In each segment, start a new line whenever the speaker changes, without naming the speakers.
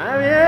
Ah, bien.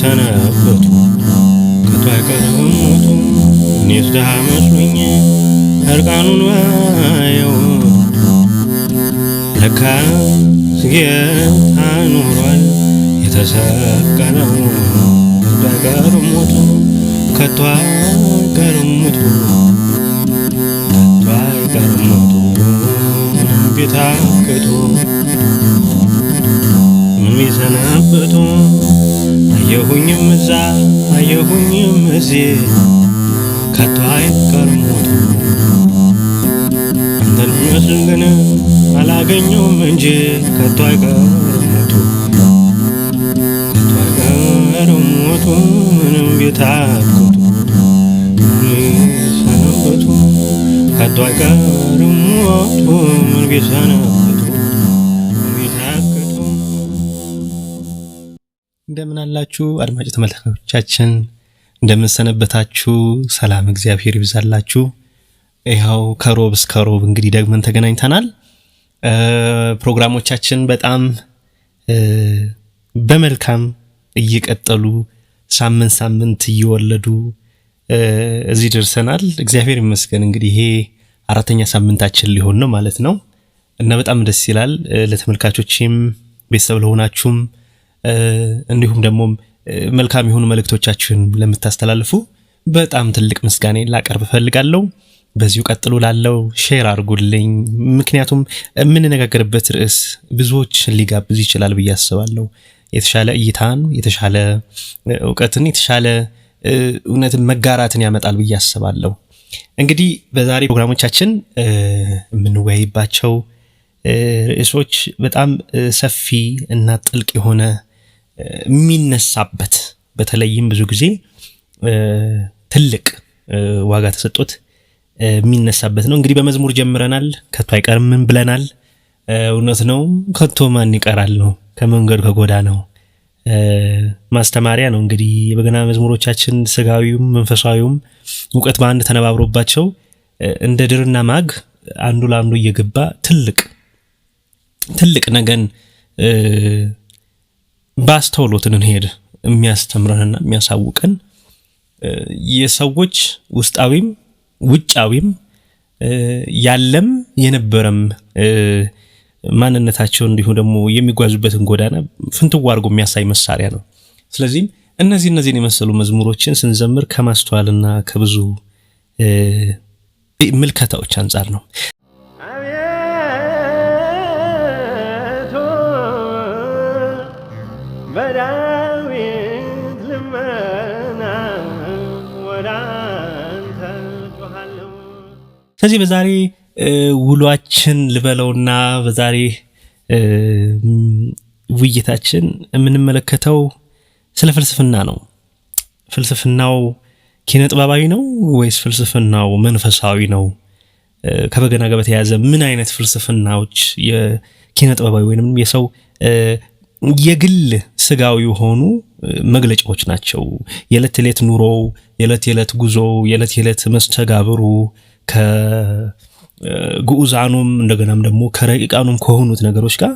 ሰነበቱ ከቶ አይቀርም ሞቱ። እኔስ ደሃ መስሎኝ እርቃኑን ባየው ለካስ ጌታ ኖሯል የተሰቀለው ከቶ አይቀርም ሞቱ ከቷ አይቀርምቱ ከቷ አይቀርምቱ ቤታ ክቶ የሚሰናበቱ አየሁኝም እዛ አየሁኝም እዚህ ከቷ አይቀርምቱ አንተን መስል ግን አላገኘውም እንጂ ከቷ አይቀር ሰንበቱን ከቶ አይቀርም
እንደምን አላችሁ አድማጭ ተመልካቾቻችን፣ እንደምንሰነበታችሁ ሰላም እግዚአብሔር ይብዛላችሁ። ይኸው ከሮብ እስከ ሮብ እንግዲህ ደግመን ተገናኝተናል። ፕሮግራሞቻችን በጣም በመልካም እየቀጠሉ ሳምንት ሳምንት እየወለዱ እዚህ ደርሰናል። እግዚአብሔር ይመስገን። እንግዲህ ይሄ አራተኛ ሳምንታችን ሊሆን ነው ማለት ነው እና በጣም ደስ ይላል። ለተመልካቾችም ቤተሰብ ለሆናችሁም እንዲሁም ደግሞ መልካም የሆኑ መልእክቶቻችሁን ለምታስተላልፉ በጣም ትልቅ ምስጋኔ ላቀርብ እፈልጋለሁ። በዚሁ ቀጥሎ ላለው ሼር አድርጉልኝ። ምክንያቱም የምንነጋገርበት ርዕስ ብዙዎች ሊጋብዝ ይችላል ብዬ አስባለሁ። የተሻለ እይታን፣ የተሻለ እውቀትን፣ የተሻለ እውነትን መጋራትን ያመጣል ብዬ አስባለሁ። እንግዲህ በዛሬ ፕሮግራሞቻችን የምንወያይባቸው ርዕሶች በጣም ሰፊ እና ጥልቅ የሆነ የሚነሳበት በተለይም ብዙ ጊዜ ትልቅ ዋጋ ተሰጦት የሚነሳበት ነው። እንግዲህ በመዝሙር ጀምረናል፣ ከቶ አይቀርም ብለናል። እውነት ነው። ከቶ ማን ይቀራል ነው ከጎዳ ነው ማስተማሪያ ነው። እንግዲህ የበገና መዝሙሮቻችን ስጋዊውም መንፈሳዊውም እውቀት በአንድ ተነባብሮባቸው እንደ ድርና ማግ አንዱ ለአንዱ እየገባ ትልቅ ትልቅ ነገን በአስተውሎት እንሄድ የሚያስተምረንና የሚያሳውቀን የሰዎች ውስጣዊም ውጫዊም ያለም የነበረም ማንነታቸውን እንዲሁም ደግሞ የሚጓዙበትን ጎዳና ፍንትው አድርጎ የሚያሳይ መሳሪያ ነው። ስለዚህም እነዚህ እነዚህን የመሰሉ መዝሙሮችን ስንዘምር ከማስተዋልና ከብዙ ምልከታዎች አንጻር ነው። አቤቱ በዳዊት ልመና ወደ አንተ ስለዚህ በዛሬ ውሏችን ልበለውና በዛሬ ውይይታችን የምንመለከተው ስለ ፍልስፍና ነው። ፍልስፍናው ኪነ ጥበባዊ ነው ወይስ ፍልስፍናው መንፈሳዊ ነው? ከበገና ጋር በተያያዘ ምን አይነት ፍልስፍናዎች የኪነ ጥበባዊ ወይም የሰው የግል ስጋዊ የሆኑ መግለጫዎች ናቸው? የዕለት ዕለት ኑሮው፣ የዕለት የዕለት ጉዞው፣ የዕለት የዕለት መስተጋብሩ ከ ግዑዛኑም እንደገናም ደግሞ ከረቂቃኑም ከሆኑት ነገሮች ጋር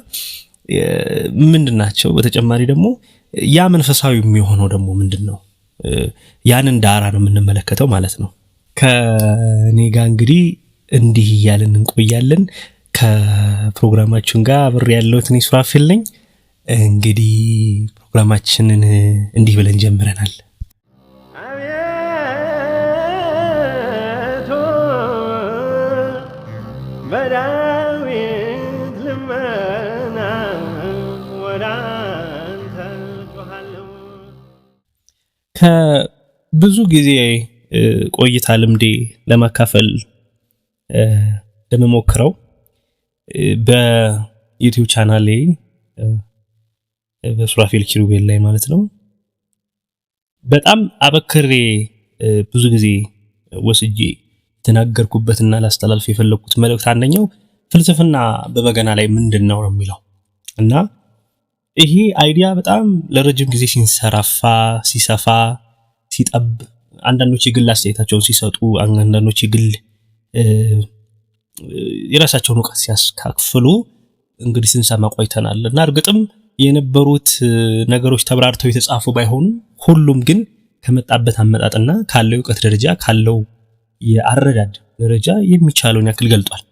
ምንድን ናቸው? በተጨማሪ ደግሞ ያ መንፈሳዊ የሚሆነው ደግሞ ምንድን ነው? ያንን ዳራ ነው የምንመለከተው ማለት ነው። ከኔ ጋር እንግዲህ እንዲህ እያለን እንቆያለን። ከፕሮግራማችን ጋር አብሬ ያለሁት እኔ ሱራፌል ነኝ። እንግዲህ ፕሮግራማችንን እንዲህ ብለን ጀምረናል። ከብዙ ጊዜ ቆይታ ልምዴ ለመካፈል ለመሞክረው በዩቲዩብ ቻናሌ በሱራፌል ኪሩቤል ላይ ማለት ነው። በጣም አበክሬ ብዙ ጊዜ ወስጄ የተናገርኩበትና ላስተላልፍ የፈለግኩት መልእክት አንደኛው ፍልስፍና በበገና ላይ ምንድን ነው ነው የሚለው እና ይሄ አይዲያ በጣም ለረጅም ጊዜ ሲንሰራፋ፣ ሲሰፋ፣ ሲጠብ አንዳንዶች የግል አስተያየታቸውን ሲሰጡ፣ አንዳንዶች የግል የራሳቸውን እውቀት ሲያስካክፍሉ እንግዲህ ስንሰማ ቆይተናል እና እርግጥም የነበሩት ነገሮች ተብራርተው የተጻፉ ባይሆኑ ሁሉም ግን ከመጣበት አመጣጥና ካለው የእውቀት ደረጃ ካለው የአረዳድ ደረጃ የሚቻለውን ያክል ገልጧል።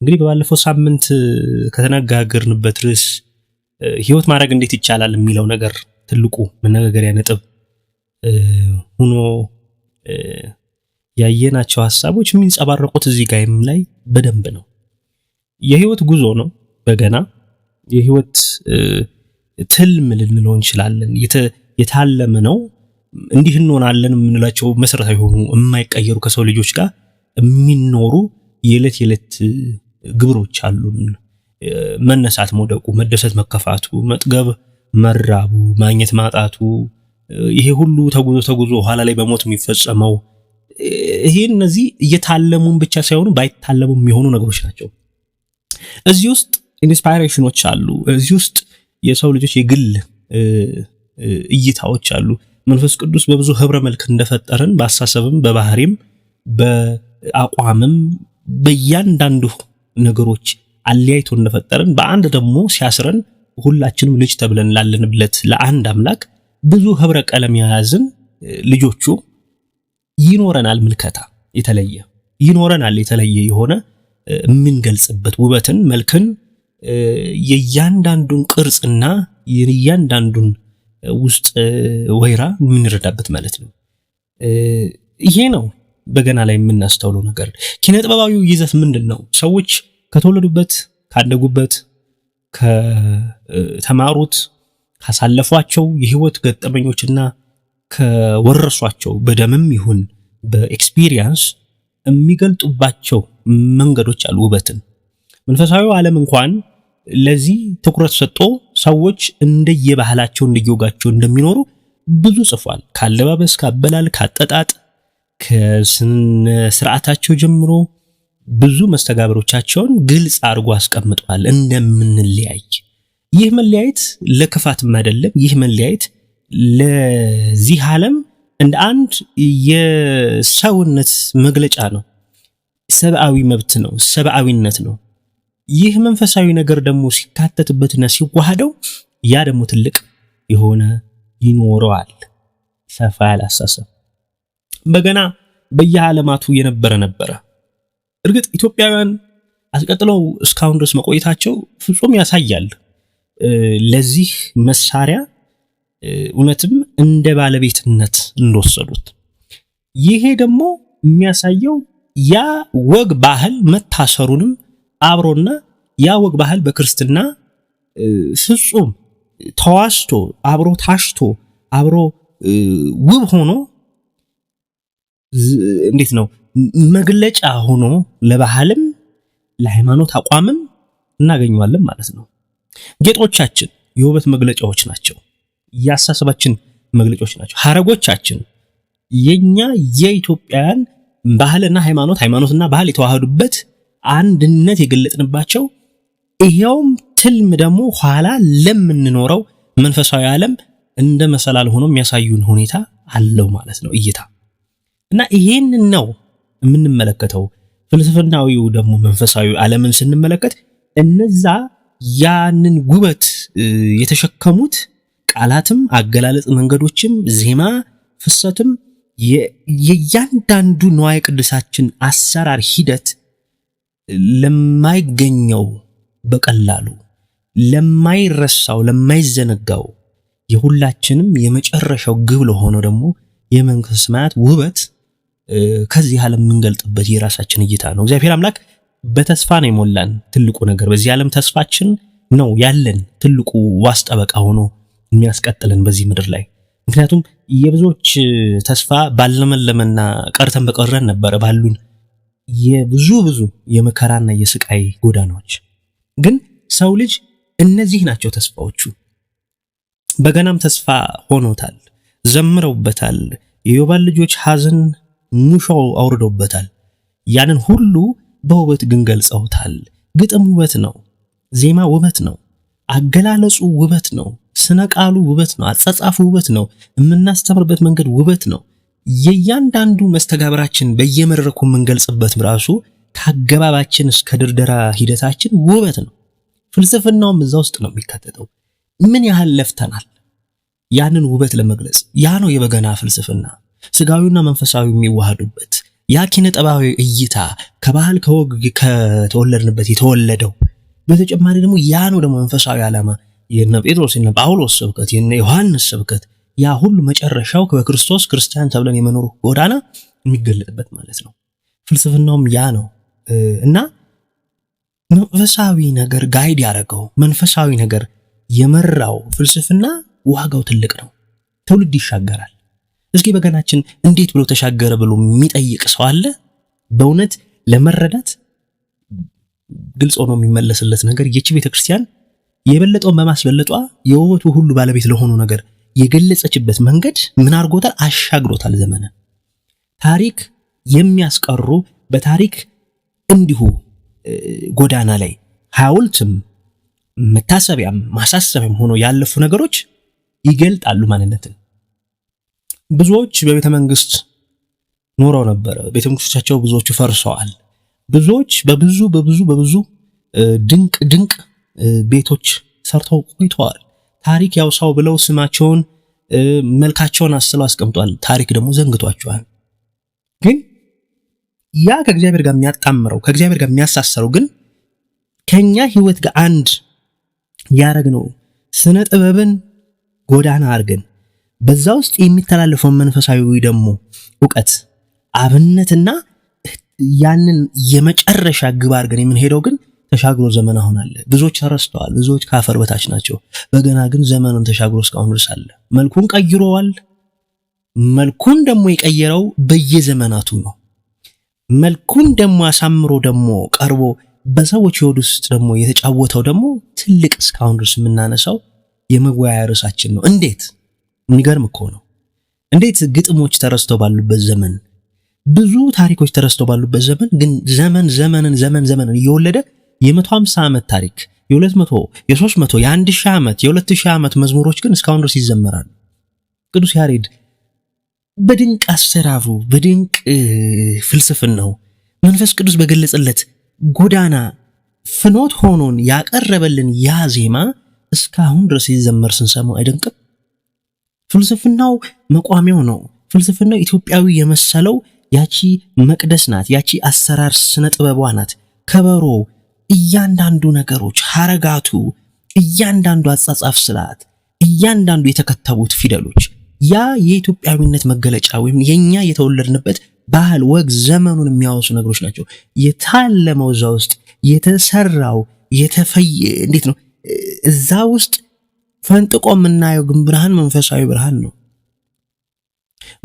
እንግዲህ በባለፈው ሳምንት ከተነጋገርንበት ርዕስ ህይወት ማድረግ እንዴት ይቻላል የሚለው ነገር ትልቁ መነጋገሪያ ነጥብ ሁኖ ያየናቸው ሀሳቦች የሚንጸባረቁት እዚህ ጋይም ላይ በደንብ ነው። የህይወት ጉዞ ነው በገና የህይወት ትልም ልንለው እንችላለን። የታለመ ነው። እንዲህ እንሆናለን የምንላቸው መሰረታዊ የሆኑ የማይቀየሩ ከሰው ልጆች ጋር የሚኖሩ የዕለት የዕለት ግብሮች አሉን። መነሳት መውደቁ፣ መደሰት መከፋቱ፣ መጥገብ መራቡ፣ ማግኘት ማጣቱ ይሄ ሁሉ ተጉዞ ተጉዞ ኋላ ላይ በሞት የሚፈጸመው ይሄ እነዚህ እየታለሙን ብቻ ሳይሆኑ ባይታለሙ የሚሆኑ ነገሮች ናቸው። እዚህ ውስጥ ኢንስፓይሬሽኖች አሉ። እዚህ ውስጥ የሰው ልጆች የግል እይታዎች አሉ። መንፈስ ቅዱስ በብዙ ህብረ መልክ እንደፈጠረን በአሳሰብም፣ በባህሪም፣ በአቋምም በእያንዳንዱ ነገሮች አለያይቶ እንደፈጠረን በአንድ ደግሞ ሲያስረን ሁላችንም ልጅ ተብለን ላለንብለት ለአንድ አምላክ ብዙ ህብረ ቀለም የያዝን ልጆቹ ይኖረናል። ምልከታ የተለየ ይኖረናል። የተለየ የሆነ የምንገልጽበት ውበትን፣ መልክን የእያንዳንዱን ቅርጽና የእያንዳንዱን ውስጥ ወይራ የምንረዳበት ማለት ነው። ይሄ ነው በገና ላይ የምናስተውለው ነገር። ኪነ ጥበባዊ ይዘት ምንድን ነው? ሰዎች ከተወለዱበት፣ ካደጉበት፣ ከተማሩት፣ ካሳለፏቸው የህይወት ገጠመኞችና ከወረሷቸው በደምም ይሁን በኤክስፒሪየንስ የሚገልጡባቸው መንገዶች አሉ። ውበትን መንፈሳዊ ዓለም እንኳን ለዚህ ትኩረት ሰጥቶ ሰዎች እንደየባህላቸው እንደየወጋቸው እንደሚኖሩ ብዙ ጽፏል። ካለባበስ፣ ካበላል፣ ካጠጣጥ ከስነ ስርዓታቸው ጀምሮ ብዙ መስተጋብሮቻቸውን ግልጽ አድርጎ አስቀምጧል እንደምንለያይ። ይህ መለያየት ለክፋትም አይደለም። ይህ መለያየት ለዚህ ዓለም እንደ አንድ የሰውነት መግለጫ ነው። ሰብአዊ መብት ነው። ሰብአዊነት ነው። ይህ መንፈሳዊ ነገር ደግሞ ሲካተትበትና ሲዋሃደው ያ ደግሞ ትልቅ የሆነ ይኖረዋል ሰፋ ያለ አሳሰብ በገና በየዓለማቱ የነበረ ነበረ። እርግጥ ኢትዮጵያውያን አስቀጥለው እስካሁን ድረስ መቆየታቸው ፍጹም ያሳያል። ለዚህ መሳሪያ እውነትም እንደ ባለቤትነት እንደወሰዱት። ይሄ ደግሞ የሚያሳየው ያ ወግ ባህል መታሰሩንም አብሮና ያ ወግ ባህል በክርስትና ፍጹም ተዋስቶ አብሮ ታሽቶ አብሮ ውብ ሆኖ እንዴት ነው መግለጫ ሆኖ ለባህልም ለሃይማኖት አቋምም እናገኘዋለን ማለት ነው። ጌጦቻችን የውበት መግለጫዎች ናቸው። የአስተሳሰባችን መግለጫዎች ናቸው። ሀረጎቻችን የኛ የኢትዮጵያን ባህልና ሃይማኖት ሃይማኖትና ባህል የተዋህዱበት አንድነት የገለጥንባቸው ይኸውም ትልም ደግሞ ኋላ ለምንኖረው መንፈሳዊ ዓለም እንደ መሰላል ሆኖ የሚያሳዩን ሁኔታ አለው ማለት ነው እይታ እና ይሄንን ነው የምንመለከተው። ፍልስፍናዊው ደግሞ መንፈሳዊ ዓለምን ስንመለከት እነዛ ያንን ውበት የተሸከሙት ቃላትም አገላለጽ መንገዶችም ዜማ ፍሰትም የእያንዳንዱ ንዋየ ቅድሳችን አሰራር ሂደት ለማይገኘው በቀላሉ ለማይረሳው ለማይዘነጋው የሁላችንም የመጨረሻው ግብ ለሆነው ደግሞ የመንግስት ሰማያት ውበት ከዚህ ዓለም የምንገልጥበት የራሳችን እይታ ነው። እግዚአብሔር አምላክ በተስፋ ነው የሞላን። ትልቁ ነገር በዚህ ዓለም ተስፋችን ነው ያለን ትልቁ ዋስጠበቃ ሆኖ የሚያስቀጥለን በዚህ ምድር ላይ ምክንያቱም የብዙዎች ተስፋ ባለመለመና ቀርተን በቀረን ነበረ ባሉን የብዙ ብዙ የመከራና የስቃይ ጎዳናዎች። ግን ሰው ልጅ እነዚህ ናቸው ተስፋዎቹ። በገናም ተስፋ ሆኖታል፣ ዘምረውበታል። የዮባል ልጆች ሐዘን ሙሾ አውርዶበታል። ያንን ሁሉ በውበት ግን ገልጸውታል። ግጥም ውበት ነው፣ ዜማ ውበት ነው፣ አገላለጹ ውበት ነው፣ ስነ ቃሉ ውበት ነው፣ አጻጻፉ ውበት ነው፣ የምናስተምርበት መንገድ ውበት ነው። የእያንዳንዱ መስተጋብራችን በየመድረኩ የምንገልጽበት ራሱ ከአገባባችን እስከ ድርደራ ሂደታችን ውበት ነው። ፍልስፍናውም እዛ ውስጥ ነው የሚካተተው። ምን ያህል ለፍተናል ያንን ውበት ለመግለጽ። ያ ነው የበገና ፍልስፍና። ስጋዊና መንፈሳዊ የሚዋሃዱበት ያ ኪነ ጠባዊ እይታ ከባህል ከወግ ከተወለድንበት የተወለደው በተጨማሪ ደግሞ ያ ነው ደግሞ መንፈሳዊ ዓላማ የነ ጴጥሮስ የነ ጳውሎስ ስብከት የነ ዮሐንስ ስብከት ያ ሁሉ መጨረሻው በክርስቶስ ክርስቲያን ተብለን የመኖሩ ጎዳና የሚገለጥበት ማለት ነው። ፍልስፍናውም ያ ነው እና መንፈሳዊ ነገር ጋይድ ያደረገው መንፈሳዊ ነገር የመራው ፍልስፍና ዋጋው ትልቅ ነው። ትውልድ ይሻገራል። እስኪ በገናችን እንዴት ብሎ ተሻገረ ብሎ የሚጠይቅ ሰው አለ? በእውነት ለመረዳት ግልጽ ሆኖ የሚመለስለት ነገር ይቺ ቤተክርስቲያን የበለጠውን በማስበለጧ የውበቱ ሁሉ ባለቤት ለሆኑ ነገር የገለጸችበት መንገድ ምን አድርጎታል? አሻግሮታል። ዘመነ ታሪክ የሚያስቀሩ በታሪክ እንዲሁ ጎዳና ላይ ሐውልትም መታሰቢያም ማሳሰቢያም ሆኖ ያለፉ ነገሮች ይገልጣሉ ማንነትን ብዙዎች በቤተ መንግስት ኖረው ነበረ። ቤተ መንግስቶቻቸው ብዙዎቹ ፈርሰዋል። ብዙዎች በብዙ በብዙ በብዙ ድንቅ ድንቅ ቤቶች ሰርተው ቆይተዋል። ታሪክ ያውሳው ብለው ስማቸውን፣ መልካቸውን አስለው አስቀምጧል። ታሪክ ደግሞ ዘንግቷቸዋል። ግን ያ ከእግዚአብሔር ጋር የሚያጣምረው ከእግዚአብሔር ጋር የሚያሳሰረው ግን ከኛ ህይወት ጋር አንድ ያደረግነው ስነ ጥበብን ጎዳና አድርገን በዛ ውስጥ የሚተላለፈውን መንፈሳዊ ደግሞ እውቀት አብነትና ያንን የመጨረሻ ግብ አድርገን የምንሄደው ግን ተሻግሮ ዘመን አሁን አለ። ብዙዎች ተረስተዋል። ብዙዎች ከአፈር በታች ናቸው። በገና ግን ዘመኑን ተሻግሮ እስካሁን ድረስ አለ። መልኩን ቀይሮዋል። መልኩን ደግሞ የቀየረው በየዘመናቱ ነው። መልኩን ደግሞ አሳምሮ ደግሞ ቀርቦ በሰዎች ሕይወት ውስጥ ደግሞ የተጫወተው ደግሞ ትልቅ እስካሁን ድረስ የምናነሳው የመወያያ ርዕሳችን ነው። እንዴት የሚገርም እኮ ነው። እንዴት ግጥሞች ተረስተው ባሉበት ዘመን ብዙ ታሪኮች ተረስተው ባሉበት ዘመን ግን ዘመን ዘመንን ዘመን ዘመንን እየወለደ የ150 ዓመት ታሪክ የ200 የ300 የ1000 ዓመት የ2000 ዓመት መዝሙሮች ግን እስካሁን ድረስ ይዘመራሉ። ቅዱስ ያሬድ በድንቅ አሰራሩ በድንቅ ነው መንፈስ ቅዱስ በገለጸለት ጎዳና ፍኖት ሆኖን ያቀረበልን ያ ዜማ እስካሁን ድረስ ይዘመር ስንሰማው አይደንቅም? ፍልስፍናው መቋሚያው ነው። ፍልስፍናው ኢትዮጵያዊ የመሰለው ያቺ መቅደስ ናት፣ ያቺ አሰራር ስነ ጥበቧ ናት። ከበሮ፣ እያንዳንዱ ነገሮች፣ ሐረጋቱ፣ እያንዳንዱ አጻጻፍ ስርዓት፣ እያንዳንዱ የተከተቡት ፊደሎች ያ የኢትዮጵያዊነት መገለጫ ወይም የኛ የተወለድንበት ባህል፣ ወግ፣ ዘመኑን የሚያወሱ ነገሮች ናቸው። የታለመው እዛ ውስጥ የተሰራው የተፈየ እንዴት ነው እዛ ውስጥ ፈንጥቆ የምናየው ግን ብርሃን መንፈሳዊ ብርሃን ነው።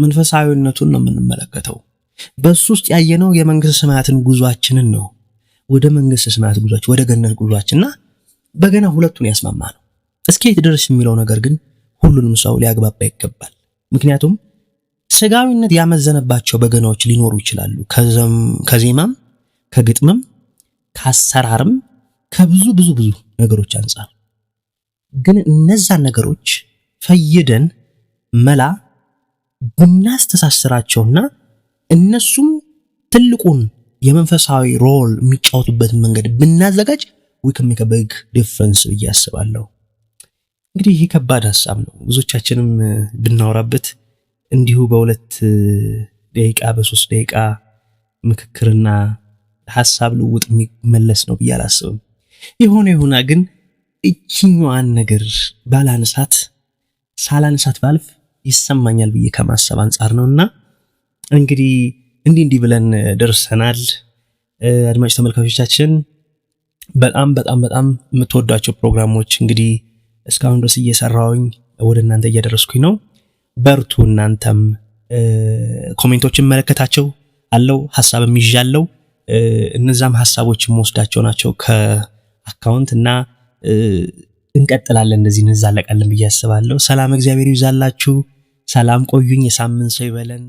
መንፈሳዊነቱን ነው የምንመለከተው። በሱ ውስጥ ያየነው የመንግስት ሰማያትን ጉዟችንን ነው። ወደ መንግስት ሰማያት ጉዟችን፣ ወደ ገነት ጉዟችንና በገና ሁለቱን ያስማማ ነው። እስኪ የት ድረስ የሚለው ነገር ግን ሁሉንም ሰው ሊያግባባ ይገባል። ምክንያቱም ስጋዊነት ያመዘነባቸው በገናዎች ሊኖሩ ይችላሉ። ከዜማም፣ ከግጥምም፣ ከአሰራርም ከብዙ ብዙ ብዙ ነገሮች አንጻር ግን እነዛን ነገሮች ፈይደን መላ ብናስተሳስራቸውና እነሱም ትልቁን የመንፈሳዊ ሮል የሚጫወቱበትን መንገድ ብናዘጋጅ ዊክም ዲፍረንስ ብዬ አስባለሁ። እንግዲህ ይህ ከባድ ሀሳብ ነው። ብዙቻችንም ብናወራበት እንዲሁ በሁለት ደቂቃ በሶስት ደቂቃ ምክክርና ሀሳብ ልውጥ የሚመለስ ነው ብዬ አላስብም። የሆነ የሆና ግን እችኛዋን ነገር ባላነሳት ሳላነሳት ባልፍ ይሰማኛል ብዬ ከማሰብ አንጻር ነው እና እንግዲህ እንዲህ እንዲህ ብለን ደርሰናል። አድማጭ ተመልካቾቻችን በጣም በጣም በጣም የምትወዷቸው ፕሮግራሞች እንግዲህ እስካሁን ድረስ እየሰራውኝ ወደ እናንተ እያደረስኩኝ ነው። በርቱ። እናንተም ኮሜንቶችን መለከታቸው አለው ሀሳብም የሚዣለው እነዛም ሀሳቦች መወስዳቸው ናቸው ከአካውንት እና እንቀጥላለን፣ እንደዚህ እንዛለቃለን ብዬ አስባለሁ። ሰላም እግዚአብሔር ይዛላችሁ። ሰላም ቆዩኝ። የሳምንት ሰው ይበለን።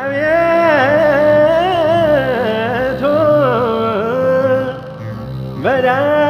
አቤቱ